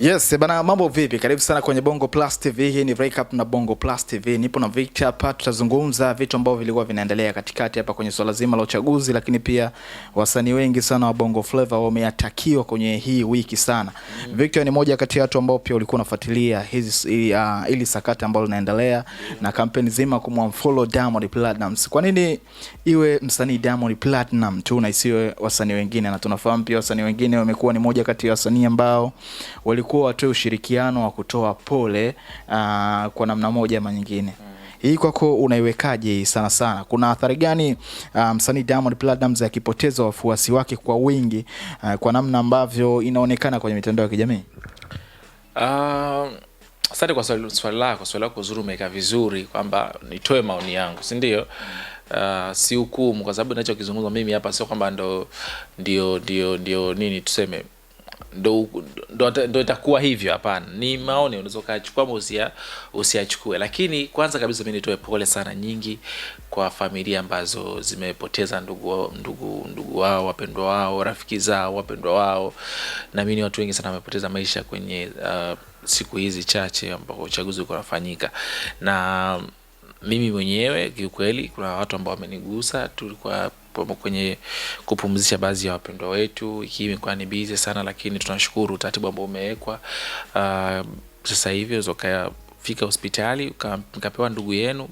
Yes, eh, bana mambo vipi? Karibu sana kwenye Bongo Plus TV. Hii ni Break Up na Bongo Plus TV. Nipo na Victor hapa, tutazungumza vitu ambavyo vilikuwa vinaendelea katikati hapa kwenye swala zima la uchaguzi, lakini pia wasanii wengi sana wa Bongo Flava wameatakiwa kwenye hii wiki sana. Mm. -hmm. Victor ni moja kati ya watu ambao pia ulikuwa unafuatilia hizi ili, uh, ili sakata ambalo linaendelea -hmm. na kampeni zima kumwamfollow Diamond Platnumz. Kwa nini iwe msanii Diamond Platnumz tu na isiwe wasanii wengine? Na tunafahamu pia wasanii wengine wamekuwa ni moja kati ya wasanii ambao walikuwa walikuwa watoe ushirikiano wa kutoa pole uh, kwa namna moja ama nyingine mm. Hii kwako unaiwekaje? Sana sana kuna athari gani ah, msanii um, Diamond Platnumz akipoteza wafuasi wake kwa wingi uh, kwa namna ambavyo inaonekana kwenye mitandao ya kijamii? Um, asante kwa swali lako, swali lako zuri, umeweka vizuri kwamba nitoe maoni yangu, si ndio? Uh, si hukumu, kwa sababu ninachokizungumza mimi hapa sio kwamba ndo ndio ndio ndio nini tuseme ndo, ndo, ndo itakuwa hivyo. Hapana, ni maoni, unaweza ukachukua ma usia, usiachukue. Lakini kwanza kabisa mi nitoe pole sana nyingi kwa familia ambazo zimepoteza ndugu, ndugu, ndugu wao wapendwa wao rafiki zao wapendwa wao. Naamini watu wengi sana wamepoteza maisha kwenye uh, siku hizi chache ambao uchaguzi uko unafanyika na mimi mwenyewe kiukweli, kuna watu ambao wamenigusa, tulikuwa kwenye kupumzisha baadhi ya wapendwa wetu, ikiwa imekuwa ni busy sana, lakini tunashukuru utaratibu ambao umewekwa ah, sasa hivi unaweza ukafika hospitali ukapewa ndugu yenu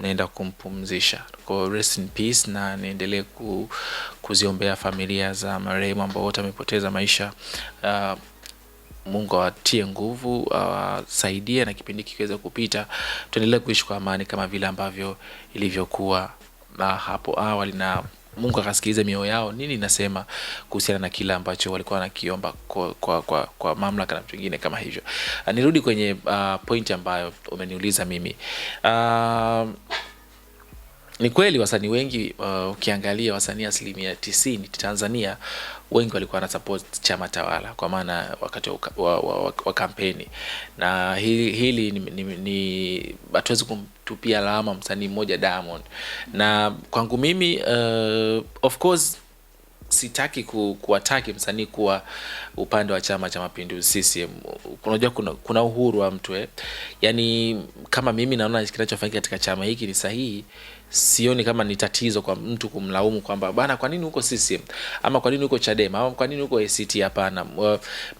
naenda kumpumzisha kwa rest in peace, na niendelee ku, kuziombea familia za marehemu ambao wote wamepoteza maisha uh, Mungu awatie nguvu, awasaidie na kipindi kikiweza kupita, tuendelee kuishi kwa amani kama vile ambavyo ilivyokuwa hapo awali na Mungu akasikiliza mioyo yao nini inasema kuhusiana na kila ambacho walikuwa wanakiomba kwa, kwa, kwa, kwa mamlaka na vitu vingine kama hivyo. Ah, nirudi kwenye uh, point ambayo umeniuliza mimi uh, ni kweli wasanii wengi uh, ukiangalia wasanii asilimia tisini Tanzania wengi walikuwa na support chama tawala kwa maana wakati wa, wa, wa, wa kampeni na hili, hili ni, hatuwezi kumtupia lawama msanii mmoja Diamond, na kwangu mimi uh, of course sitaki ku, kuwataki msanii kuwa upande wa Chama cha Mapinduzi CCM. Unajua kuna, kuna uhuru wa mtu eh, Yani kama mimi naona kinachofanyika katika chama hiki ni sahihi, sioni kama ni tatizo kwa mtu kumlaumu kwamba bana, kwa nini uko CCM ama kwa nini uko Chadema ama kwa nini uko ACT? Hapana,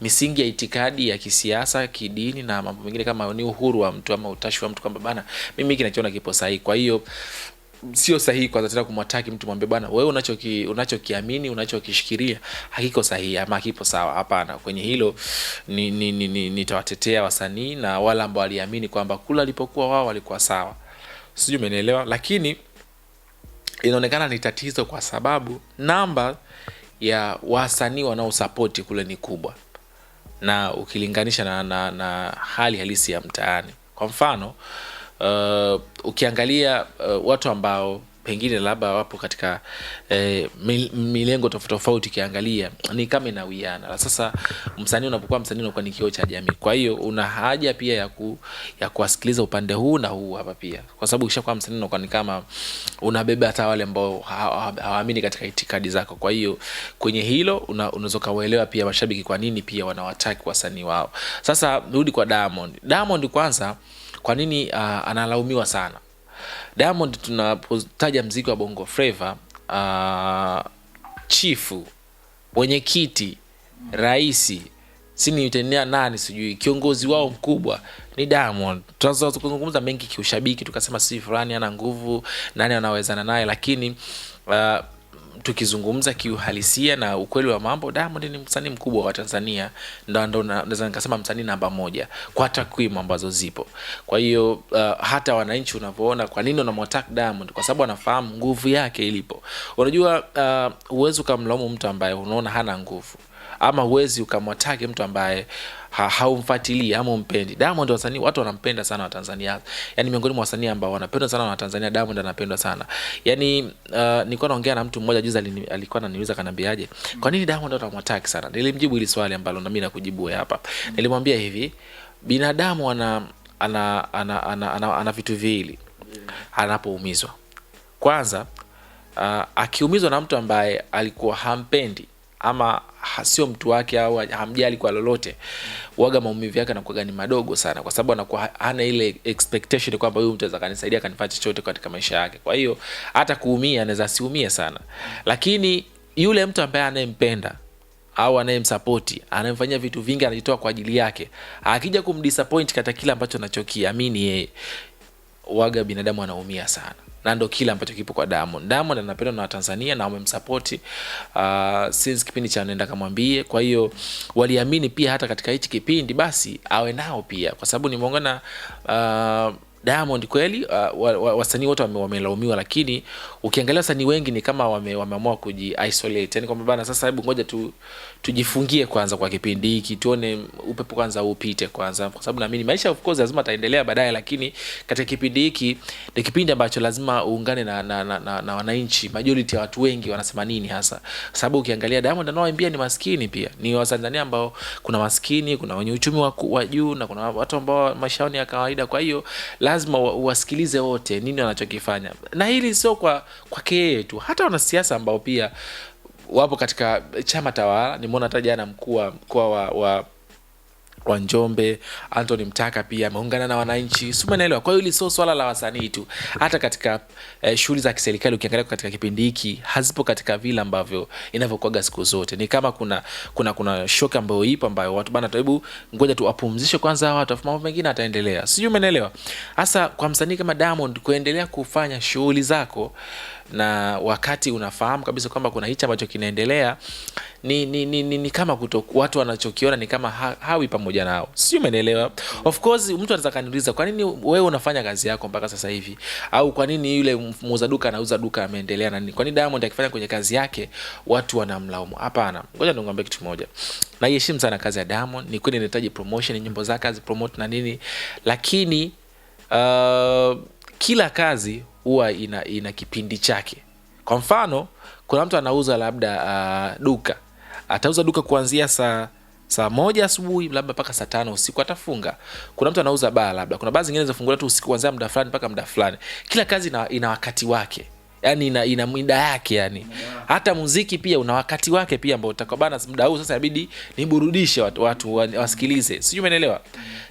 misingi ya itikadi ya kisiasa, kidini na mambo mengine kama ni uhuru wa mtu ama utashi wa mtu kwamba bana, mimi kinachoona kipo sahihi, kwa hiyo sio sahihi kwanza tena kumwataki mtu mwambie bwana wewe ki, unachokiamini unachokishikilia hakiko sahihi ama hakipo sawa hapana kwenye hilo nitawatetea ni, ni, ni, ni wasanii na wale ambao waliamini kwamba kula alipokuwa wao walikuwa sawa sijui umenielewa lakini inaonekana ni tatizo kwa sababu namba ya wasanii wanaosapoti kule ni kubwa na ukilinganisha na, na, na hali halisi ya mtaani kwa mfano uh, ukiangalia uh, watu ambao pengine labda wapo katika eh, milengo tofauti tofauti, ukiangalia ni kama inawiana. Sasa msanii unapokuwa msanii unakuwa ni kio cha jamii, kwa hiyo una haja pia ya, ku, ya kuwasikiliza upande huu na huu hapa pia, kwa sababu ukishakuwa msanii unakuwa ni kama unabeba hata wale ambao hawaamini katika itikadi zako. Kwa hiyo kwenye hilo unaweza ukawaelewa pia mashabiki kwa nini pia wanawataki wasanii wao. Sasa rudi kwa Diamond. Diamond kwanza kwa nini uh, analaumiwa sana Diamond? Tunapotaja mziki wa Bongo freva uh, chifu, mwenyekiti, raisi sinitendea nani sijui kiongozi wao mkubwa ni Diamond. Tunaweza mengi kiushabiki, tukasema si fulani ana nguvu, nani anawezana naye, lakini uh, tukizungumza kiuhalisia na ukweli wa mambo, Diamond ni msanii mkubwa wa Tanzania, ndo ndo naweza nikasema msanii namba moja kwa takwimu ambazo zipo. Kwa hiyo uh, hata wananchi unavyoona, kwa nini wanamwattack Diamond? Kwa sababu anafahamu nguvu yake ilipo. Unajua, uh, huwezi uh, ukamlaumu mtu ambaye unaona hana nguvu ama huwezi ukamwatake mtu ambaye ha, haumfuatilii ama umpendi. Diamond wasanii watu wanampenda sana Watanzania, yani miongoni mwa wasanii ambao wanapendwa sana na Watanzania, Diamond anapendwa sana yani. Uh, nilikuwa naongea na mtu mmoja juzi, alikuwa ananiuliza kanambiaje, kwa nini Diamond watu wanamwataki sana? Nilimjibu hili swali ambalo na mimi nakujibu hapa. Nilimwambia hivi, binadamu ana ana ana ana, ana, ana vitu viwili anapoumizwa. Kwanza uh, akiumizwa na mtu ambaye alikuwa hampendi ama sio mtu wake au hamjali kwa lolote, waga maumivu yake anakuwa ni madogo sana, kwa sababu anakuwa hana ile expectation kwamba huyu mtu anaweza kanisaidia kanifanya chochote katika maisha yake. Kwa hiyo hata kuumia anaweza asiumie sana, lakini yule mtu ambaye anayempenda au anayemsapoti anayemfanyia vitu vingi, anajitoa kwa ajili yake, akija kumdisappoint katika kile ambacho anachokiamini yeye, waga binadamu anaumia sana na ndo kile ambacho kipo kwa Diamond. Diamond anapendwa na Watanzania na wamemsapoti uh, since kipindi cha nenda kamwambie. Kwa hiyo waliamini pia hata katika hichi kipindi basi awe nao pia, kwa sababu nimeongana uh, Diamond kweli uh, wasanii wa, wa wote wamelaumiwa, wame lakini ukiangalia wasanii wengi ni kama wameamua wame kujiisolate, yani kwamba bana, sasa hebu ngoja tu, tujifungie kwanza kwa kipindi hiki tuone upepo kwanza upite kwanza, kwa sababu naamini maisha of course lazima ataendelea baadaye, lakini katika kipindi hiki ni kipindi ambacho lazima uungane na, na, na, na, na wananchi, majority ya watu wengi wanasema nini hasa, kwa sababu ukiangalia Diamond anaoimbia ni maskini, pia ni Watanzania ambao kuna maskini, kuna wenye uchumi wa juu na kuna watu ambao maisha yao ni ya kawaida, kwa hiyo la lazima uwasikilize wote nini wanachokifanya, na hili sio kwa kwake yeye tu, hata wanasiasa ambao pia wapo katika chama tawala. Nimeona hata jana mkuu wa mkoa wa wa Njombe Anthony Mtaka pia ameungana na wananchi, si umeelewa? Kwa hiyo hili sio swala la wasanii tu, hata katika eh, shughuli za kiserikali ukiangalia katika kipindi hiki hazipo katika vile ambavyo inavyokuaga siku zote. Ni kama kuna kuna kuna shoka ambayo ipo ambayo watu bana, hebu ngoja tu apumzishe kwanza watu, afu mambo mengine ataendelea, sijui umeelewa. Hasa kwa msanii kama Diamond kuendelea kufanya shughuli zako na wakati unafahamu kabisa kwamba kuna hichi ambacho kinaendelea ni, ni, ni, ni, ni kama kuto, watu wanachokiona ni kama ha, hawi pamoja nao, sijui umenielewa. Of course mtu anaweza kaniuliza kwa nini wewe unafanya kazi yako mpaka sasa hivi, au kwa nini yule muuza duka anauza duka ameendelea na kwa nini Diamond akifanya kwenye kazi yake watu wanamlaumu? Hapana, ngoja nikwambie kitu kimoja, naiheshimu sana kazi ya Diamond. Ni kweli inahitaji promotion, nyimbo zake azipromote na nini, lakini uh, kila kazi huwa ina, ina kipindi chake. Kwa mfano kuna mtu anauza labda uh, duka atauza duka kuanzia saa saa moja asubuhi labda mpaka saa tano usiku atafunga. Kuna mtu anauza baa, labda kuna baa zingine zafungula tu usiku kuanzia muda fulani mpaka muda fulani. Kila kazi ina, ina wakati wake yani ina, ina muda yake yani. Hata muziki pia una wakati wake pia ambao utakabana muda huu sasa inabidi niburudishe watu, watu wasikilize, sijui umeelewa.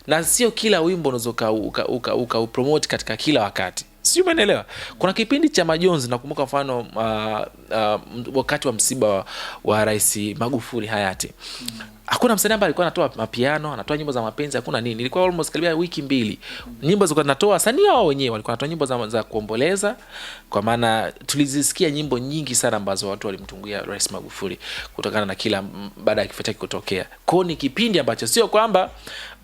Na sio kila wimbo unaweza uka, uka, uka, uka katika kila wakati sijui umeelewa. Kuna kipindi cha majonzi nakumbuka mfano uh, uh, wakati wa msiba wa, wa Rais Magufuli hayati hakuna msanii ambaye alikuwa anatoa mapiano anatoa nyimbo za mapenzi, hakuna nini. Ilikuwa almost karibia wiki mbili, nyimbo zilikuwa zinatoa, wasanii wao wenyewe walikuwa wanatoa nyimbo za, za kuomboleza, kwa maana tulizisikia nyimbo nyingi sana ambazo watu walimtunguia Rais Magufuli kutokana na kila baada ya kifo chake kutokea. Kwao ni kipindi ambacho sio kwamba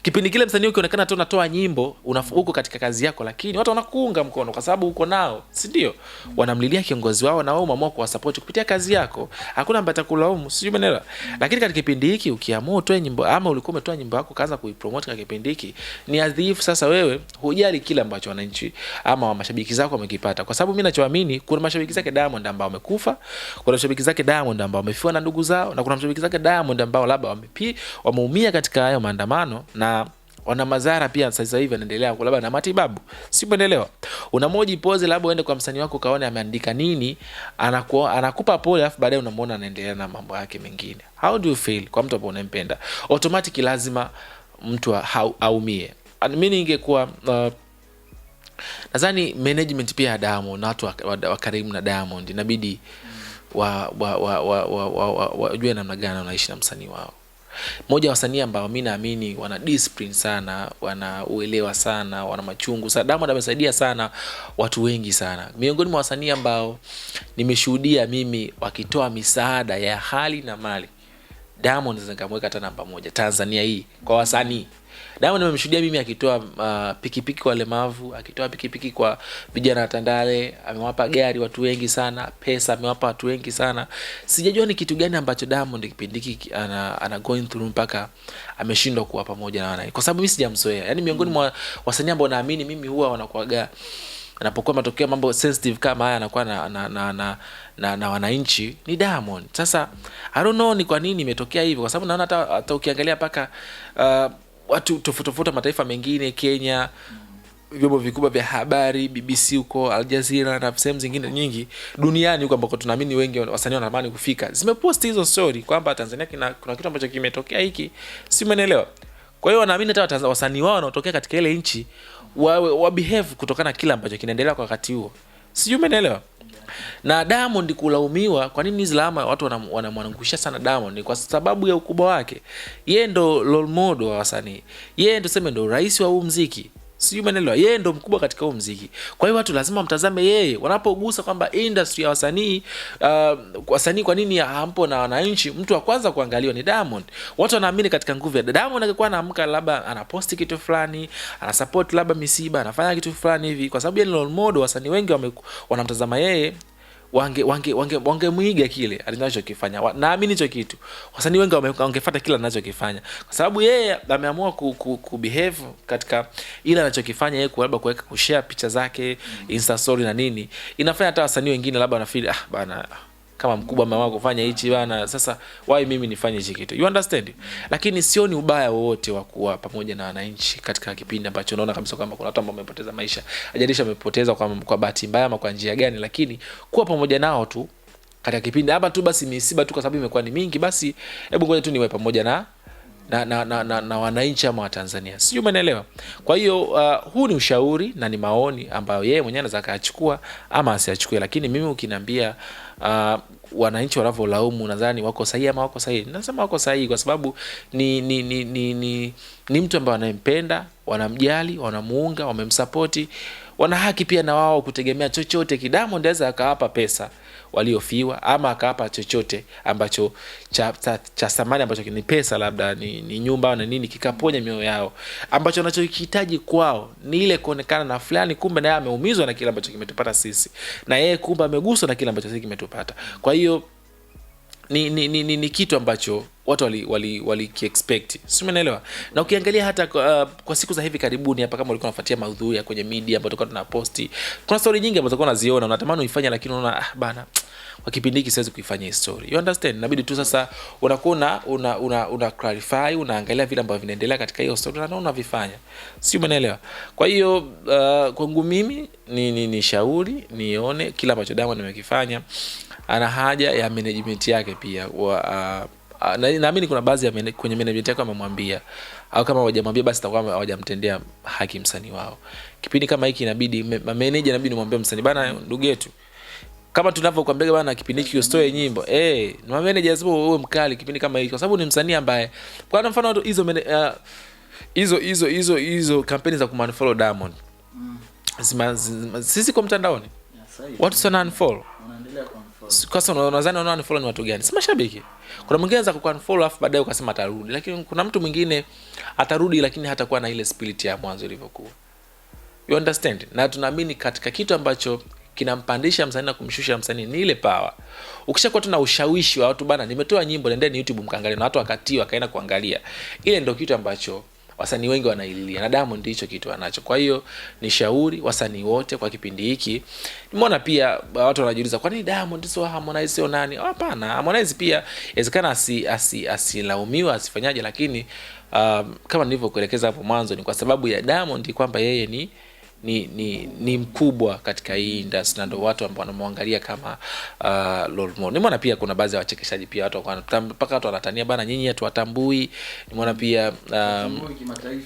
kipindi kile msanii ukionekana tu unatoa nyimbo huko katika kazi yako, lakini watu wanakuunga mkono kwa sababu uko nao, si ndio? Wanamlilia kiongozi wao na wao umeamua kuwasapoti kupitia kazi yako, hakuna mbata kulaumu, sijui umeelewa. Lakini katika kipindi hiki ukiamua utoe nyimbo ama ulikuwa umetoa nyimbo yako kaanza kuipromote katika kipindi hiki, ni adhifu. Sasa wewe hujali kile ambacho wananchi ama wa mashabiki zako wamekipata, kwa sababu mimi nachoamini, kuna mashabiki zake Diamond ambao wamekufa, kuna mashabiki zake Diamond ambao wamefiwa na ndugu zao, na kuna mashabiki zake Diamond ambao labda wamepi wameumia katika hayo maandamano na na wana madhara pia sasa hivi anaendelea labda na matibabu, si umeelewa? Unamoji pose labda uende kwa msanii wako ukaone ameandika nini, anaku, anakupa pole, alafu baadaye unamwona anaendelea na mambo yake mengine. How do you feel kwa mtu ambaye unampenda? Automatic lazima mtu aumie. Mimi ningekuwa uh, nadhani management pia ya Diamond na watu wa, wa, wa karibu na Diamond inabidi wajue wa, wa, wa, wa, wa, wa, wa, namna gani wanaishi na msanii wao moja wasanii ambao mi naamini wana discipline sana, wana uelewa sana, wana machungu sana. Diamond amesaidia sana watu wengi sana. Miongoni mwa wasanii ambao nimeshuhudia mimi wakitoa misaada ya hali na mali, Diamond zingamweka hata namba moja Tanzania hii kwa wasanii. Diamond amemshuhudia mimi akitoa uh, pikipiki kwa walemavu, akitoa pikipiki kwa vijana wa Tandale, amewapa gari watu wengi sana, pesa amewapa watu wengi sana. Sijajua ni kitu gani ambacho Diamond kipindi hiki ana, ana going through mpaka ameshindwa kuwa pamoja na wanai, kwa sababu mimi sijamzoea. Yani miongoni mwa wasanii ambao naamini mimi huwa wanakuaga anapokuwa matokeo mambo sensitive kama haya anakuwa na, na, na, na, na, na wananchi ni Diamond. Sasa I don't know ni kwa nini imetokea hivyo, kwa sababu naona hata ukiangalia mpaka uh, watu tofautofauti mataifa mengine Kenya vyombo vikubwa vya habari BBC huko Al na sehemu zingine nyingi duniani huko ambako tunaamini wengi wasanii wanatamani kufika, zimepost hizo story kwamba Tanzania kina, kuna kitu ambacho kimetokea hiki, si menelewa Kwa hiyo wanaamini hata wasanii wao wanaotokea katika ile nchi wabehave wa kutokana na kile ambacho kinaendelea kwa wakati huo sijui umeelewa na Diamond kulaumiwa, kwa nini zilama watu wanamwanangusha sana Diamond? Ni kwa sababu ya ukubwa wake, yeye ndo lolmodo wa wasanii, yeye ndo sema ndo rais wa huu mziki sijui umeelewa. Yeye ndo mkubwa katika huu mziki, kwa hiyo watu lazima wamtazame yeye wanapogusa kwamba industry ya wasanii uh, wasanii kwa nini hampo na wananchi, mtu wa kwanza kuangaliwa ni Diamond. Watu wanaamini katika nguvu ya Diamond. Akikuwa anaamka labda anaposti kitu fulani, anasupport labda misiba, anafanya kitu fulani hivi, kwa sababu yeye ni role model, wasanii wengi wanamtazama yeye wange wange wange wangemwiga kile alinachokifanya. Naamini hicho kitu wasanii wengi wangefata kile anachokifanya, kwa sababu yeye ameamua ku, ku, ku behave katika ile anachokifanya yeye, labda kuweka kushare picha zake mm. Insta story na nini, inafanya hata wasanii wengine labda wanafikiri ah bana kama mkubwa mama kufanya hichi bana, sasa wai mimi nifanye hichi kitu, you understand. Lakini sioni ubaya wowote wa kuwa pamoja na wananchi katika kipindi ambacho unaona kabisa kwamba kuna watu ambao wamepoteza maisha, ajalisha amepoteza kwa, kwa bahati mbaya ama kwa njia gani, lakini kuwa pamoja nao tu katika kipindi hapa tu basi misiba tu, kwa sababu imekuwa ni mingi, basi hebu ngoja tu niwe pamoja na na, na, na, na, na wananchi ama Watanzania, sijui umeelewa. Kwa hiyo uh, huu ni ushauri na ni maoni ambayo yeye mwenyewe anaweza akayachukua ama asiyachukue, lakini mimi ukiniambia uh, wananchi wanavyolaumu nadhani wako sahihi ama wako sahihi, nasema wako sahihi kwa sababu ni ni ni, ni, ni, ni mtu ambaye wanayempenda, wanamjali, wanamuunga, wamemsapoti, wana haki pia na wao kutegemea chochote. kidamo aweza akawapa pesa waliofiwa, ama akawapa chochote ambacho cha, cha, cha thamani ambacho ni pesa, labda ni, ni nyumba na nini, kikaponya mioyo yao. Ambacho anachokihitaji kwao ni ile kuonekana na fulani, kumbe naye ameumizwa na kile ambacho kimetupata sisi, na yeye kumbe ameguswa na kile ambacho sisi kimetupata. Kwa hiyo ni, ni, ni, ni, ni kitu ambacho watu wali walikiexpect wali si umeelewa na ukiangalia hata uh, kwa siku za hivi karibuni hapa kama ulikuwa unafuatia maudhui ya kwenye media ambayo tulikuwa posti kuna stori nyingi ambazo ulikuwa unaziona unatamani uifanya lakini unaona ah, bana kwa kipindi hiki siwezi kuifanya hii story you understand inabidi tu sasa unakuwa una una, una, clarify unaangalia vile ambavyo vinaendelea katika hiyo story na unavifanya si umeelewa kwa hiyo uh, kwangu mimi ni, ni, ni shauri nione kila ambacho Diamond nimekifanya ana haja ya management yake pia wa, uh, uh, na, naamini kuna baadhi ya mene, kwenye management yake amemwambia au kama hawajamwambia basi itakuwa hawajamtendea haki msanii wao. Kipindi kama hiki inabidi manager inabidi nimwambie msanii bana, ndugu yetu kama tunavyokuambia bana, kipindi hiki usitoe nyimbo eh, na manager lazima uwe mkali kipindi kama hiki, kwa sababu ni msanii ambaye kwa mfano hizo hizo uh, hizo hizo hizo kampeni za kumunfollow Diamond mm. sisi kwa mtandaoni yeah, watu sana unfollow kwa sababu unadhani watu gani? Si mashabiki. Kuna mwingine anaweza afu baadaye ukasema atarudi, lakini kuna mtu mwingine atarudi, lakini hatakuwa na ile spirit ya mwanzo ilivyokuwa. You understand? Na tunaamini katika kitu ambacho kinampandisha msanii na kumshusha msanii ni ile pawa Ukishakuwa tuna ushawishi wa watu bana, nimetoa nyimbo, nendeni YouTube mkaangalie, na watu wakati wakaenda kuangalia, ile ndo kitu ambacho wasanii wengi wanaililia na Diamond ndicho kitu anacho. Kwa hiyo ni shauri wasanii wote kwa kipindi hiki, nimeona pia watu wanajiuliza kwa nini Diamond sio Harmonize sio nani? Oh, hapana, Harmonize pia inawezekana asilaumiwa asi, asi asifanyaje, lakini um, kama nilivyokuelekeza hapo mwanzo ni kwa sababu ya Diamond kwamba yeye ni ni, ni, ni mkubwa katika hii industry na ndio watu ambao wanamwangalia kama uh, role model. Nimeona pia kuna baadhi ya wachekeshaji pia watu mpaka watu wanatania bana, nyinyi hatuwatambui. Nimeona pia um,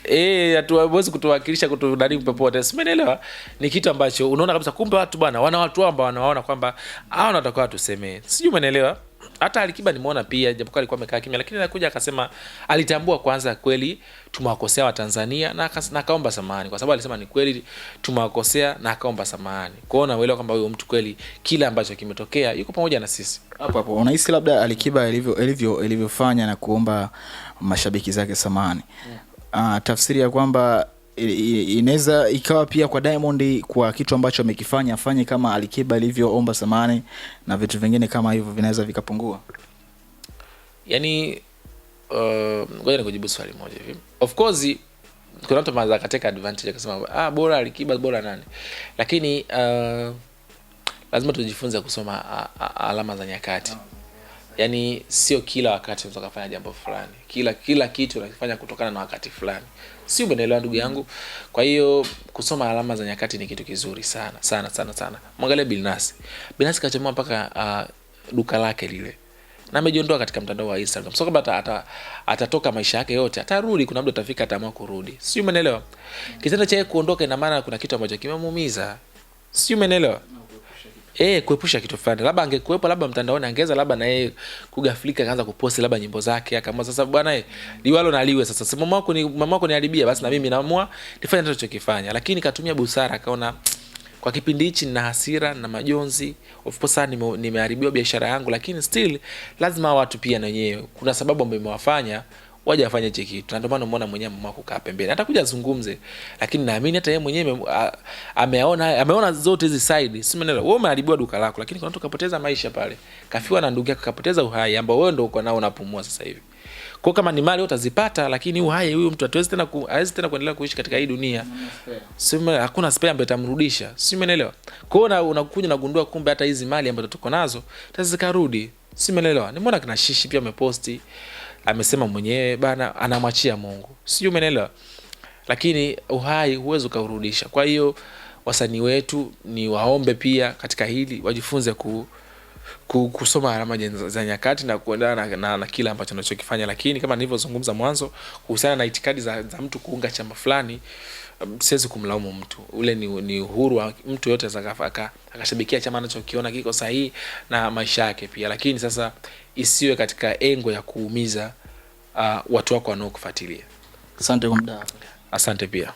eh hatuwezi kutuwakilisha kutudani popote, simeelewa. Ni kitu ambacho unaona kabisa, kumbe watu bana, wana watu ambao wanaona kwamba hao wanatakiwa tuseme. sijui umeelewa hata Alikiba nimeona pia, japokuwa alikuwa amekaa kimya, lakini anakuja akasema, alitambua kwanza kweli tumewakosea Watanzania na akaomba samahani, kwa sababu alisema ni kweli tumewakosea na akaomba samahani. Kwa hiyo naelewa kwamba huyo mtu kweli kila ambacho kimetokea yuko pamoja na sisi hapo hapo. Unahisi labda Alikiba ilivyo ilivyofanya na kuomba mashabiki zake samahani, yeah. Mm. Uh, tafsiri ya kwamba inaweza ikawa pia kwa Diamond kwa kitu ambacho amekifanya afanye kama Alikiba alivyoomba samani na vitu vingine kama hivyo vinaweza vikapungua. Yani um, ngoja uh, nikujibu swali moja hivi. Of course kuna mtu anaweza akateka advantage akasema ah, bora Alikiba bora nani, lakini uh, lazima tujifunze kusoma uh, uh, alama za nyakati yani sio kila wakati mtu akafanya jambo fulani, kila kila kitu unakifanya kutokana na wakati fulani, si umeelewa ndugu yangu? Kwa hiyo kusoma alama za nyakati ni kitu kizuri sana sana sana sana. Mwangalie Bilnasi, Bilnasi kachemua mpaka uh, duka lake lile na amejiondoa katika mtandao wa Instagram. Sio kwamba atatoka ata, ata maisha yake yote, atarudi. Kuna mtu utafika ataamua kurudi, si umeelewa? Kitendo cha kuondoka, ina maana kuna kitu ambacho kimemuumiza, si no e, kuepusha kitu fulani. Labda angekuepo labda mtandaoni angeweza labda na yeye kugaflika akaanza kuposti labda nyimbo zake, akaamua sasa, bwana liwalo eh, na liwe sasa, si mama wako ni mama wako niharibia, basi na mimi naamua nifanye nachokifanya. Lakini katumia busara, akaona kwa kipindi hichi nina hasira na majonzi, of course nime, nimeharibiwa biashara yangu, lakini still lazima watu pia na wenyewe kuna sababu ambayo imewafanya waje afanye hichi kitu, na ndio maana umeona mwenyewe mama kukaa pembeni. Atakuja azungumze, lakini naamini hata yeye mwenyewe ameona ameona zote hizi side, si maneno. Wewe umeharibiwa duka lako, lakini kuna mtu kapoteza maisha pale, kafiwa na ndugu yake, kapoteza uhai ambao wewe ndio uko nao unapumua sasa hivi. Kwa kama ni mali utazipata, lakini uhai huyu mtu hatuwezi tena ku, hawezi tena kuendelea kuishi katika hii dunia. si Sema hakuna spare ambayo itamrudisha. Si umeelewa? Kwa hiyo unakuja unagundua kumbe hata hizi mali ambazo tuko nazo tazikarudi. Si umeelewa? Nimeona kina Shishi pia ameposti amesema mwenyewe bana, anamwachia Mungu, sijui umeelewa. Lakini uhai huwezi ukaurudisha. Kwa hiyo wasanii wetu ni waombe pia katika hili wajifunze ku kusoma alama za nyakati na kuendana na, na, na kile ambacho anachokifanya, lakini kama nilivyozungumza mwanzo kuhusiana na itikadi za, za mtu kuunga chama fulani um, siwezi kumlaumu mtu ule ni, ni uhuru wa mtu yote akashabikia chama anachokiona kiko sahihi na maisha yake pia, lakini sasa isiwe katika engo ya kuumiza uh, watu wako wanaokufuatilia. Asante kwa muda. Asante pia.